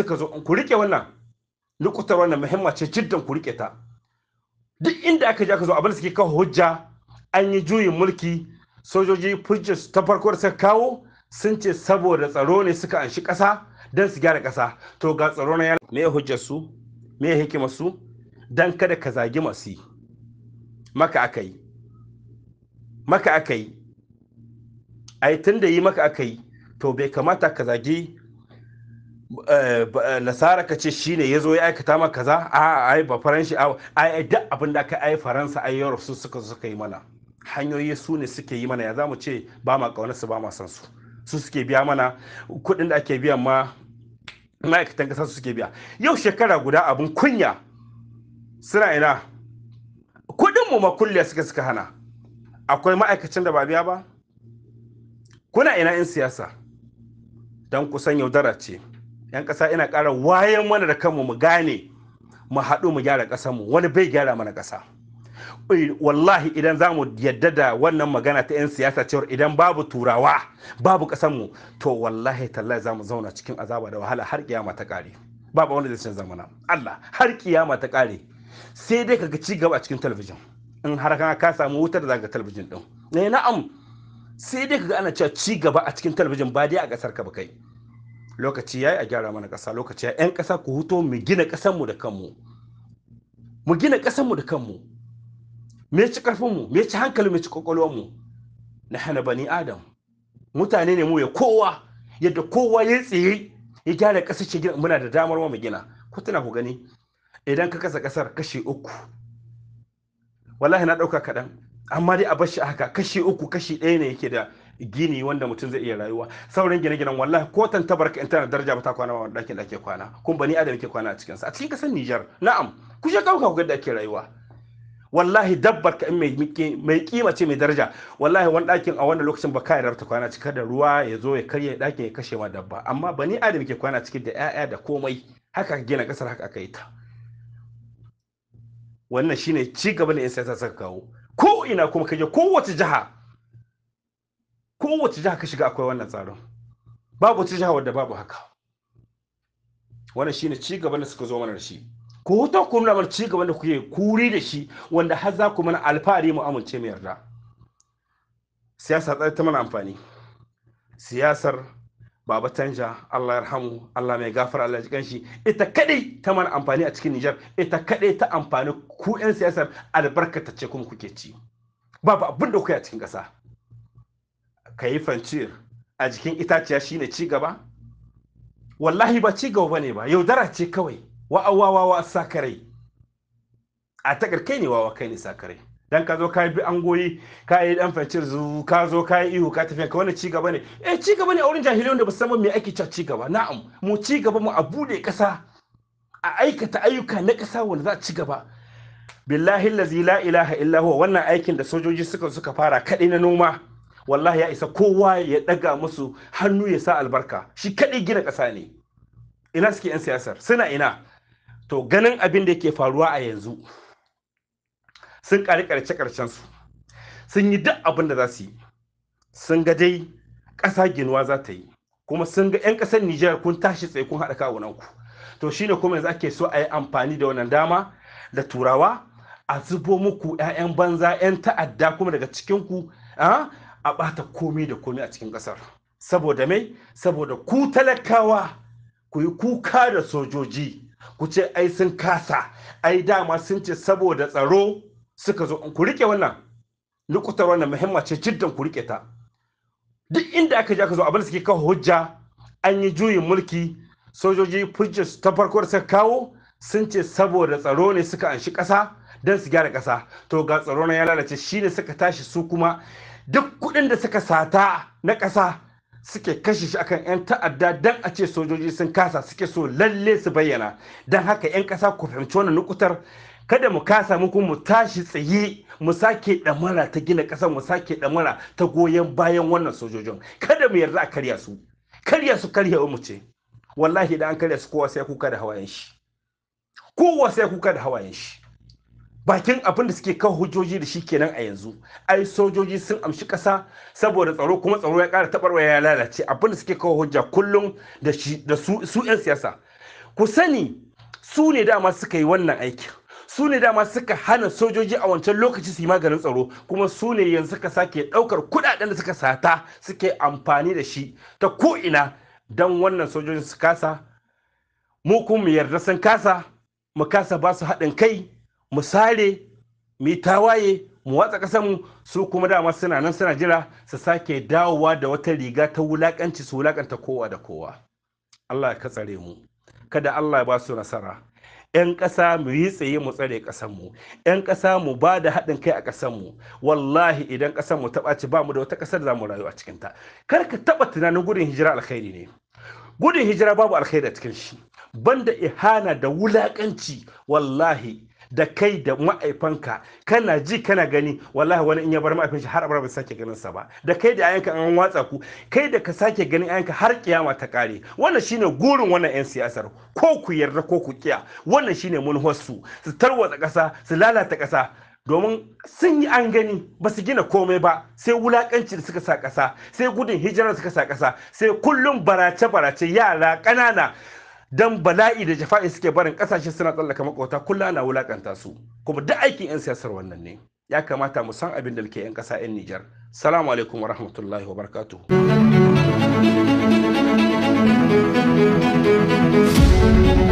suka zo ku rike wannan nukutar wannan muhimma ce jiddan ku rike ta duk inda aka je aka zo abin da suke kawo hujja an yi juyin mulki sojoji fujis ta farko da suka kawo sun ce saboda tsaro ne suka anshi ƙasa don su gyara ƙasa to ga tsaro na yana me hujjar su me hikimar su don kada ka zagi masu maka aka yi maka aka yi a yi tun da yi maka aka yi to bai kamata ka zagi lasara eh, eh, ka ce shi ne ya zo ya aikata maka kaza a ai ba faranshi a ai duk abin da aka ai faransa ai europe su suka suka yi mana hanyoyi su ne suke yi mana ya za mu ce ba ma kaunar su ba ma san su su suke biya mana kuɗin da ake biyan ma ma'aikatan kasa su suke biya yau shekara guda abin kunya suna ina kuɗin mu makulliya suka suka hana akwai ma'aikacin da ba biya ba kuna ina in siyasa don kusan yaudara ce 'yan ƙasa ina ƙara wayan mana da kanmu mu gane mu haɗu mu gyara ƙasarmu wani bai gyara mana ƙasa wallahi idan za mu yadda da wannan magana ta 'yan siyasa cewar idan babu turawa babu ƙasarmu to wallahi tallahi za mu zauna cikin azaba da wahala har kiyama ta ƙare babu wani zai canza mana Allah har kiyama ta ƙare sai dai kaga ci gaba a cikin talabijin in har kana ka samu wutar da ga talabijin din eh, na'am sai dai kaga ana cewa ci gaba a cikin talabijin ba dai a ƙasar ka ba kai lokaci ya yi a gyara mana ƙasa lokaci ya 'yan ƙasa ku huto mu gina ƙasanmu da kanmu mu gina mu da kanmu me ci mu me ci hankali me ci ƙwaƙwalwarmu na hana bani adam mutane ne mu ya kowa yadda kowa ya tsaye ya gyara ƙasa ce gina muna da damar mu gina ku tana ku gani idan ka kasa ƙasar kashi uku wallahi na ɗauka kaɗan amma dai a bar shi haka kashi uku kashi ɗaya ne yake da gini wanda mutum zai iya rayuwa sauran gine-ginen wallahi ko tantabar ka tana daraja ba ta kwana ba ɗakin da ke kwana kun bani adam ke kwana a cikin sa a cikin kasar Niger na'am ku je kauka ku ga da ake rayuwa wallahi dabbar ka in mai kima ce mai daraja wallahi wani ɗakin a wannan lokacin ba kai ta kwana cikin da ruwa ya zo ya karye dakin ya kashe ma dabba amma bani adam ke kwana cikin da 'ya'ya da komai haka gina kasar haka aka yi ta wannan shine ci gaba in sai ta saka kawo ko ina kuma kaje kowace jiha kowace jiha ka shiga akwai wannan tsarin babu wata jiha wadda babu haka wannan shine ci gaban da suka zo mana da shi ku huta ku nuna mana ci gaban da kuke kuri da shi wanda har za ku mana alfahari mu amince mu yarda siyasa tsare ta mana amfani siyasar baba tanja Allah ya rahamu Allah mai gafara Allah ya jikan shi ita kadai ta mana amfani a cikin Niger ita kadai ta amfani ku yan siyasar albarkatacce kuma kuke ci babu abin da kuke a cikin kasa ka yi fancir a jikin itaciya shi ci gaba wallahi ba ci gaba ne ba yaudara ce kawai wa'awawa wa sakarai a takar kai ne wawa kai ne sakarai dan ka zo ka bi an goyi ka yi dan fancir zu ka zo ka yi ihu ka tafiya ka wani ci gaba ne eh ci gaba ne a wurin jahiliyon da musamman mai ake cewa ci gaba na'am mu ci gaba mu a bude kasa a aikata ayyuka na kasa wanda za a ci gaba billahi lazi la ilaha illa huwa wannan aikin da sojoji suka suka fara kaɗai na noma wallahi ya isa kowa ya daga musu hannu ya sa albarka shi kaɗai gina ƙasa ne ina suke 'yan siyasar suna ina to ganin abin da yake faruwa a yanzu sun ƙari ƙarshe su sun yi duk abin da za su yi sun ga dai ƙasa ginuwa za ta yi kuma sun ga 'yan ƙasar nijar kun tashi tsaye kun haɗa ku. to shine kuma yanzu ake so a yi amfani da wannan dama da turawa a zubo muku 'ya'yan banza 'yan ta'adda kuma daga cikinku ah, a ɓata komai da komai a cikin ƙasar saboda mai saboda ku talakawa ku yi kuka da sojoji ku ce ai sun kasa ai dama sun ce saboda tsaro suka zo ku rike wannan nukutar wannan muhimma ce jiddan ku rike ta duk inda aka je aka zo abin da suke kawo hujja an yi juyin mulki sojoji fujjus ta farko da suka kawo sun ce saboda tsaro ne suka anshi ƙasa don su gyara ƙasa to ga tsaro na ya lalace shine suka tashi su kuma duk kuɗin da suka sata na ƙasa suke kashe shi akan 'yan ta'adda don a ce sojoji sun kasa suke so lalle su bayyana don haka 'yan ƙasa ku fahimci wannan nukutar kada mu kasa muku mu tashi tsaye mu sake ɗamara ta gina ƙasa mu sake ɗamara ta goyon bayan wannan sojojin kada mu yarda a karya su karya su karya mu ce wallahi da an karya su kowa sai kuka da hawayen shi kowa sai kuka da hawayen shi bakin abin da suke kan hujjoji da shi kenan a yanzu ai sojoji sun amshi ƙasa saboda tsaro kuma tsaro ya ƙara taɓarwa ya lalace abin da suke kawo hujja kullum da su 'yan siyasa ku sani su ne dama suka yi wannan aiki. su ne dama suka hana sojoji a wancan lokaci su yi maganin tsaro kuma su ne yanzu suka sake ɗaukar kuɗaɗen da suka sata suke amfani da shi ta ko'ina don wannan sojojin su kasa mu kuma mu yarda sun kasa mu kasa ba su haɗin kai mu sare mu tawaye mu watsa mu su kuma dama suna nan suna jira su sake dawowa da wata riga ta wulaƙanci su wulaƙanta kowa da kowa allah ka tsare mu kada allah ya ba su nasara 'yan ƙasa mu yi tsaye mu tsare mu 'yan ƙasa mu ba da haɗin kai a mu wallahi idan ƙasanmu ta ɓaci ba mu da wata ƙasar za mu rayu a cikinta kar ka taɓa tunanin gudun hijira alkhairi ne gudun hijira babu alkhairi a cikin shi banda ihana da wulaƙanci wallahi da kai da ma'aifanka kana ji kana gani wallahi wani in ya bar ma'aifin shi har abara bai sake ganin sa ba da kai da ayyanka an watsa ku kai da ka sake ganin ayanka har kiyama ta kare wannan shine gurin wannan yan siyasar ko ku yarda ko ku kiya wannan shine munhossu su tarwatsa kasa su lalata kasa domin sun yi an gani ba su gina komai ba sai wulakanci da suka sa kasa sai gudun hijirar suka sa kasa sai kullum barace-barace yara ƙanana dan bala'i da jafa'i suke barin kasashe suna tsallaka makota kullum ana wulakanta su kuma duk aikin yan siyasar wannan ne ya kamata mu san abin da ke yan ƙasa yan Nijar salamu alaikum wa rahmatullahi wa